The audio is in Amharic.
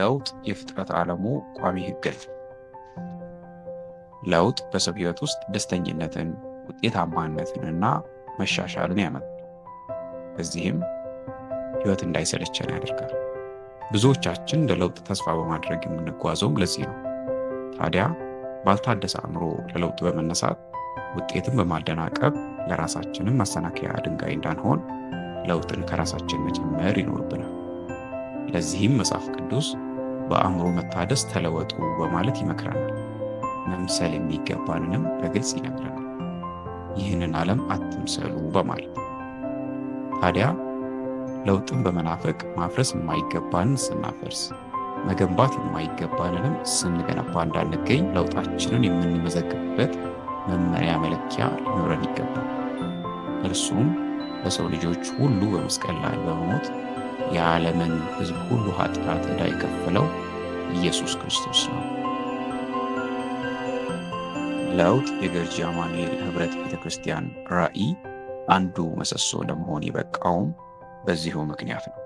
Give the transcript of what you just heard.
ለውጥ የፍጥረት ዓለሙ ቋሚ ህግ ነው። ለውጥ በሰው ህይወት ውስጥ ደስተኝነትን፣ ውጤታማነትን እና መሻሻልን ያመጣል። በዚህም ህይወት እንዳይሰለቸን ያደርጋል። ብዙዎቻችን ለለውጥ ተስፋ በማድረግ የምንጓዘውም ለዚህ ነው። ታዲያ ባልታደሰ አእምሮ ለለውጥ በመነሳት ውጤትን በማደናቀብ ለራሳችንም ማሰናከያ ድንጋይ እንዳንሆን ለውጥን ከራሳችን መጀመር ይኖርብናል። ለዚህም መጽሐፍ ቅዱስ በአእምሮ መታደስ ተለወጡ በማለት ይመክረናል። መምሰል የሚገባንንም በግልጽ ይነግረናል። ይህንን ዓለም አትምሰሉ በማለት ታዲያ ለውጥን በመናፈቅ ማፍረስ የማይገባንን ስናፈርስ መገንባት የማይገባንንም ስንገነባ እንዳንገኝ ለውጣችንን የምንመዘግብበት መመሪያ መለኪያ ሊኖረን ይገባል። እርሱም ለሰው ልጆች ሁሉ በመስቀል ላይ በመሞት የዓለምን ሕዝብ ሁሉ ኃጢአት ዕዳ የከፈለው ኢየሱስ ክርስቶስ ነው። ለውጥ የገርጂ አማኑኤል ኅብረት ቤተ ክርስቲያን ራዕይ አንዱ ምሰሶ ለመሆን የበቃውም በዚሁ ምክንያት ነው።